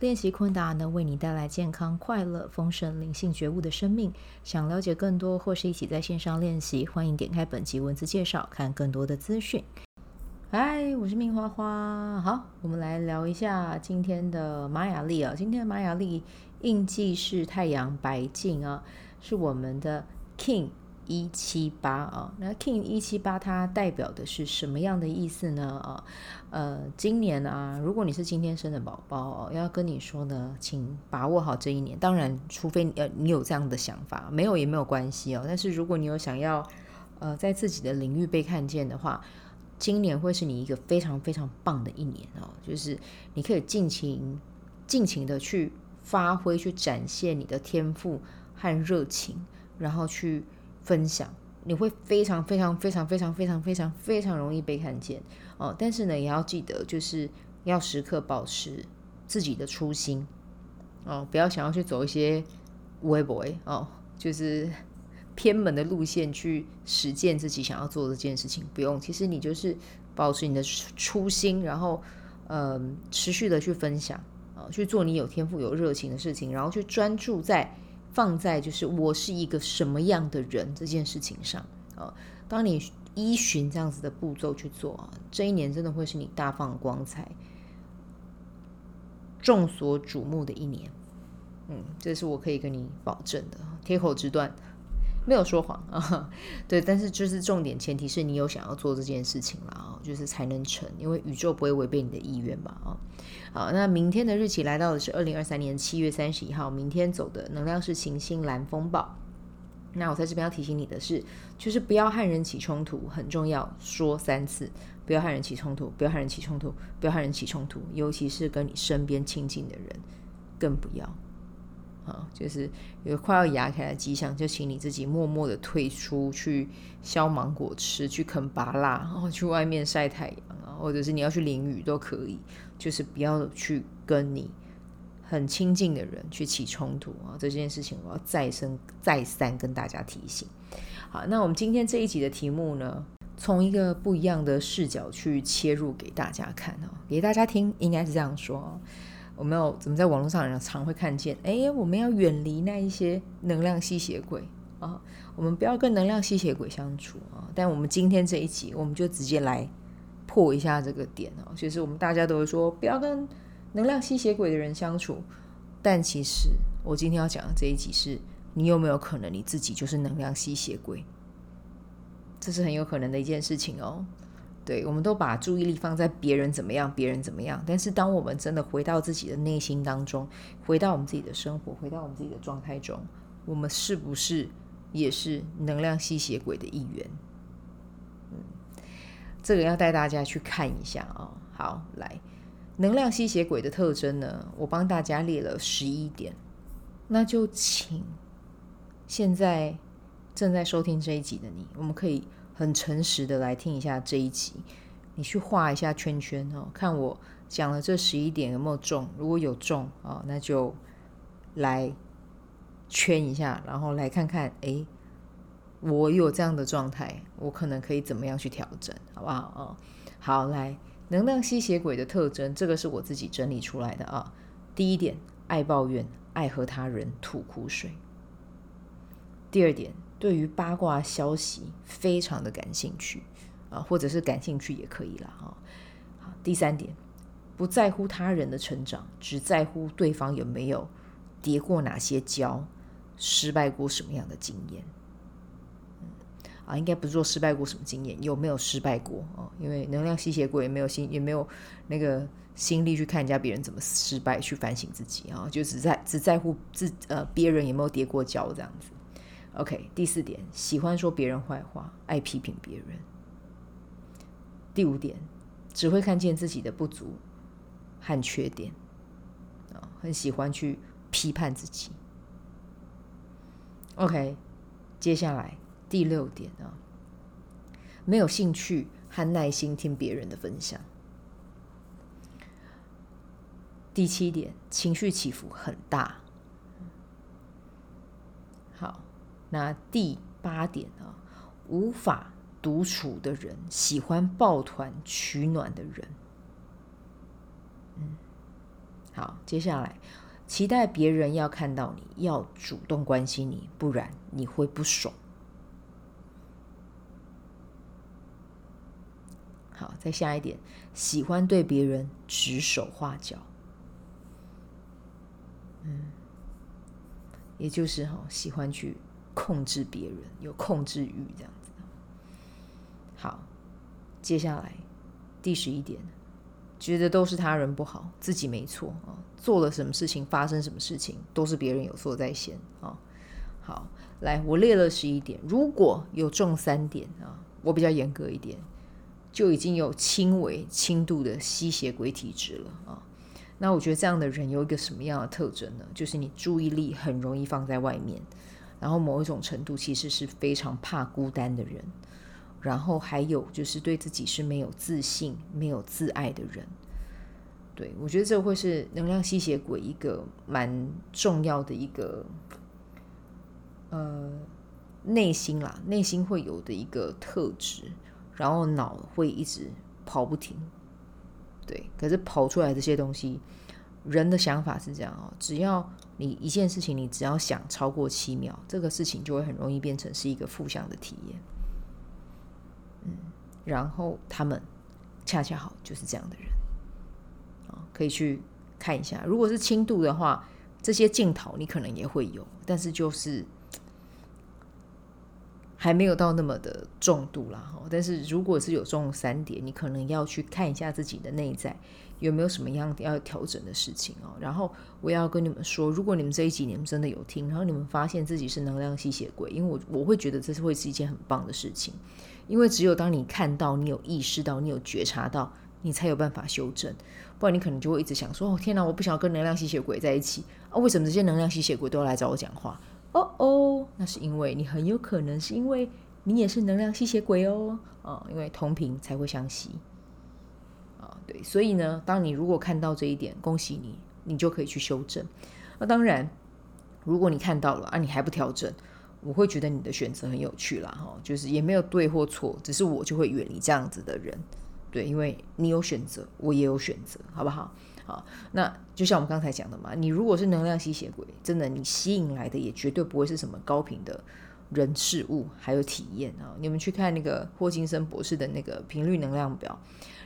練習昆達能為你帶來健康、快樂、豐盛、靈性覺悟的生命。想了解更多或是一起在線上練習，歡迎點開本集文字介紹，看更多的資訊。嗨，我是 Min 花花。好，我們來聊一下今天的瑪雅曆啊、哦。今天的瑪雅曆印記是太陽白鏡啊，是我們的 King。一七八啊，8, 那 Kin 一七八它代表的是什麼樣的意思呢？啊，呃，今年啊，如果你是今天生的寶寶，要跟你說呢，請把握好這一年。當然，除非你，你有這樣的想法，沒有也沒有關係哦。但是如果你有想要呃在自己的領域被看見的話，今年會是你一個非常非常棒的一年哦，就是你可以盡情盡情的去發揮、去展現你的天賦和熱情，然後去。分享，你會非常非常非常非常非常非常非常容易被看見哦。但是呢，也要記得，就是要時刻保持自己的初心哦，不要想要去走一些歪歪哦，就是偏門的路線去實踐自己想要做這件事情。不用，其實你就是保持你的初心，然後嗯，持續的去分享啊、哦，去做你有天賦、有熱情的事情，然後去專注在。放在就是我是一個什麼樣的人這件事情上啊，當你依循這樣子的步驟去做啊，這一年真的會是你大放光彩、眾所矚目的一年。嗯，這是我可以跟你保證的，鐵口直斷。沒有說謊啊，對，但是就是重點，前提是你有想要做這件事情了啊，就是才能成，因為宇宙不會違背你的意願嘛。啊，好，那明天的日期來到的是二零二三年七月三十一號，明天走的能量是行星藍風暴。那我在這邊要提醒你的是，就是不要和人起衝突，很重要，說三次，不要和人起衝突，不要和人起衝突，不要和人起衝突，尤其是跟你身邊親近的人，更不要。啊，就是有快要牙起來的跡象，就請你自己默默的退出去削芒果吃，去啃芭樂，然後去外面曬太陽啊，或者是你要去淋雨都可以，就是不要去跟你很親近的人去起衝突啊。這件事情我要再三再三跟大家提醒。好，那我們今天這一集的題目呢，從一個不一樣的視角去切入給大家看啊，給大家聽，應該是這樣說。我們有怎麼在網絡上常會看見？哎、欸，我們要遠離那一些能量吸血鬼啊！我們不要跟能量吸血鬼相處啊！但我們今天這一集，我們就直接來破一下這個點哦、啊。就是我們大家都會說，不要跟能量吸血鬼的人相處，但其實我今天要講的這一集是，你有沒有可能你自己就是能量吸血鬼？這是很有可能的一件事情哦。對，我們都把注意力放在別人怎麼樣，別人怎麼樣。但是，當我們真的回到自己的內心當中，回到我們自己的生活，回到我們自己的狀態中，我們是不是也是能量吸血鬼的一員？嗯，這個要帶大家去看一下啊。好，來，能量吸血鬼的特徵呢，我幫大家列了十一點。那就請現在正在收聽這一集的你，我們可以。很誠實的來聽一下這一集，你去畫一下圈圈哦，看我講了這十一點有沒有中，如果有中哦，那就來圈一下，然後來看看，誒，我有這樣的狀態，我可能可以怎麼樣去調整，好不好？哦，好，來，能量吸血鬼的特徵，這個是我自己整理出來的啊。第一點，愛抱怨，愛和他人吐苦水。第二點。對於八卦消息非常的感興趣啊，或者是感興趣也可以啦。第三點，不在乎他人的成長，只在乎對方有沒有跌過哪些跤，失敗過什麼樣的經驗。啊，應該不是說失敗過什麼經驗，有沒有失敗過，因為能量吸血鬼也沒有心，也沒有那個心力去看人家別人怎麼失敗，去反省自己啊，就只在只在乎自呃別人有沒有跌過跤這樣子。OK，第四點，喜歡說別人壞話，愛批評別人。第五點，只會看見自己的不足和缺點，啊、哦，很喜歡去批判自己。OK，接下來第六點啊、哦，沒有興趣和耐心聽別人的分享。第七點，情緒起伏很大。好。那第八點呢？無法獨處的人，喜歡抱團取暖的人。嗯，好，接下來期待別人要看到你，要主動關心你，不然你會不爽。好，再下一點，喜歡對別人指手畫腳。嗯，也就是哈，喜歡去。控制別人，有控制欲這樣子。好，接下來第十一點，覺得都是他人不好，自己沒錯啊、哦。做了什麼事情，發生什麼事情，都是別人有錯在先啊、哦。好，來，我列了十一點，如果有中三點啊、哦，我比較嚴格一點，就已經有輕微、輕度的吸血鬼體質了啊、哦。那我覺得這樣的人有一個什麼樣的特徵呢？就是你注意力很容易放在外面。然後某一種程度其實是非常怕孤單的人，然後還有就是對自己是沒有自信、沒有自愛的人。對，我覺得這會是能量吸血鬼一個蠻重要的一個呃內心啦，內心會有的一個特質，然後腦會一直跑不停。對，可是跑出來的這些東西。人的想法是這樣哦，只要你一件事情，你只要想超過七秒，這個事情就會很容易變成是一個負向的體驗。嗯，然後他們恰恰好就是這樣的人。哦，可以去看一下。如果是輕度的話，這些鏡頭你可能也會有，但是就是。還沒有到那麼的重度啦，哈，但是如果是有這種三點，你可能要去看一下自己的內在有沒有什麼樣要調整的事情哦。然後我要跟你們說，如果你們這一集你們真的有聽，然後你們發現自己是能量吸血鬼，因為我我會覺得這是會是一件很棒的事情，因為只有當你看到，你有意識到，你有覺察到，你才有辦法修正，不然你可能就會一直想說，哦，天哪，我不想要跟能量吸血鬼在一起啊，為什麼這些能量吸血鬼都要來找我講話？哦哦，那是因為你很有可能是因為你也是能量吸血鬼哦，哦，因為同頻才會相吸。哦，對，所以呢，當你如果看到這一點，恭喜你，你就可以去修正。那當然，如果你看到了啊，你還不調整，我會覺得你的選擇很有趣啦，哦，就是也沒有對或錯，只是我就會遠離這樣子的人，對，因為你有選擇，我也有選擇，好不好？好，那就像我們剛才講的嘛，你如果是能量吸血鬼，真的你吸引來的也絕對不會是什麼高頻的人事物還有體驗啊、哦。你們去看那個霍金森博士的那個頻率能量表，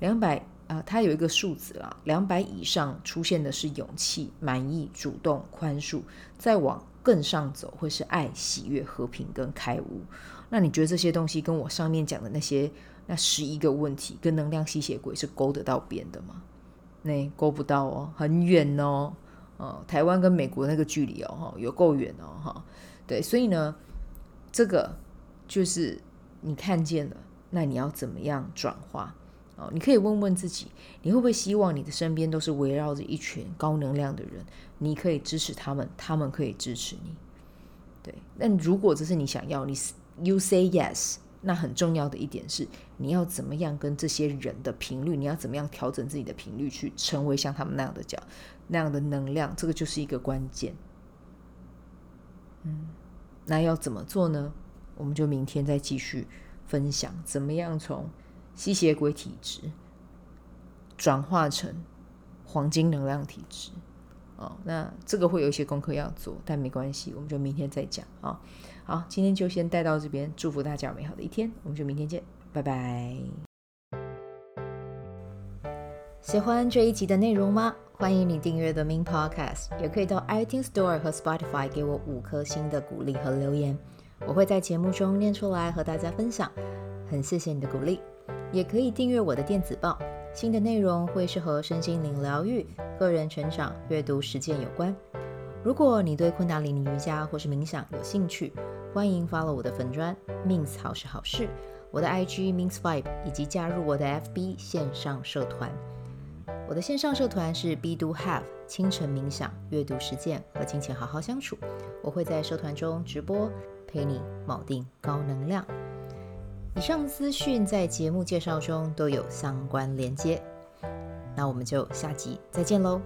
兩百呃，他有一個數字啦，兩百以上出現的是勇氣、滿意、主動、寬恕，再往更上走會是愛、喜悅、和平跟開悟。那你覺得這些東西跟我上面講的那些那十一個問題跟能量吸血鬼是勾得到邊的嗎？那夠不到哦，很遠哦，台灣跟美國那個距離哦，有夠遠哦，對，所以呢，這個就是你看見了，那你要怎麼樣轉化？哦，你可以問問自己，你會不會希望你的身邊都是圍繞着一群高能量的人？你可以支持他們，他們可以支持你。對，但如果這是你想要，你 you say yes。那很重要的一點是，你要怎麼樣跟這些人的頻率？你要怎麼樣調整自己的頻率，去成為像他們那樣的角、那樣的能量？這個就是一個關鍵。嗯，那要怎麼做呢？我們就明天再繼續分享，怎麼樣從吸血鬼體質轉化成黃金能量體質？哦，那這個會有一些功課要做，但沒關係，我們就明天再講啊。哦。好，今天就先帶到這邊，祝福大家有美好的一天，我們就明天見，拜拜。喜歡這一集的內容嗎？歡迎你訂閱 The Min Podcast，也可以到 iTunes Store 和 Spotify 給我五顆星的鼓勵和留言，我會在節目中念出來和大家分享。很謝謝你的鼓勵，也可以訂閱我的電子報，新的內容會是和身心靈療癒、個人成長、閱讀實踐有關。如果你對昆達里尼瑜伽或是冥想有興趣，歡迎 follow 我的粉專，Min 好是好事。我的 IG minsvibe，以及加入我的 FB 線上社團。我的線上社團是 Be Do Have，清晨冥想、閱讀實踐和金錢好好相處。我會在社團中直播，陪你錨定高能量。以上資訊在節目介紹中都有相關連接。那我們就下集再見嘍。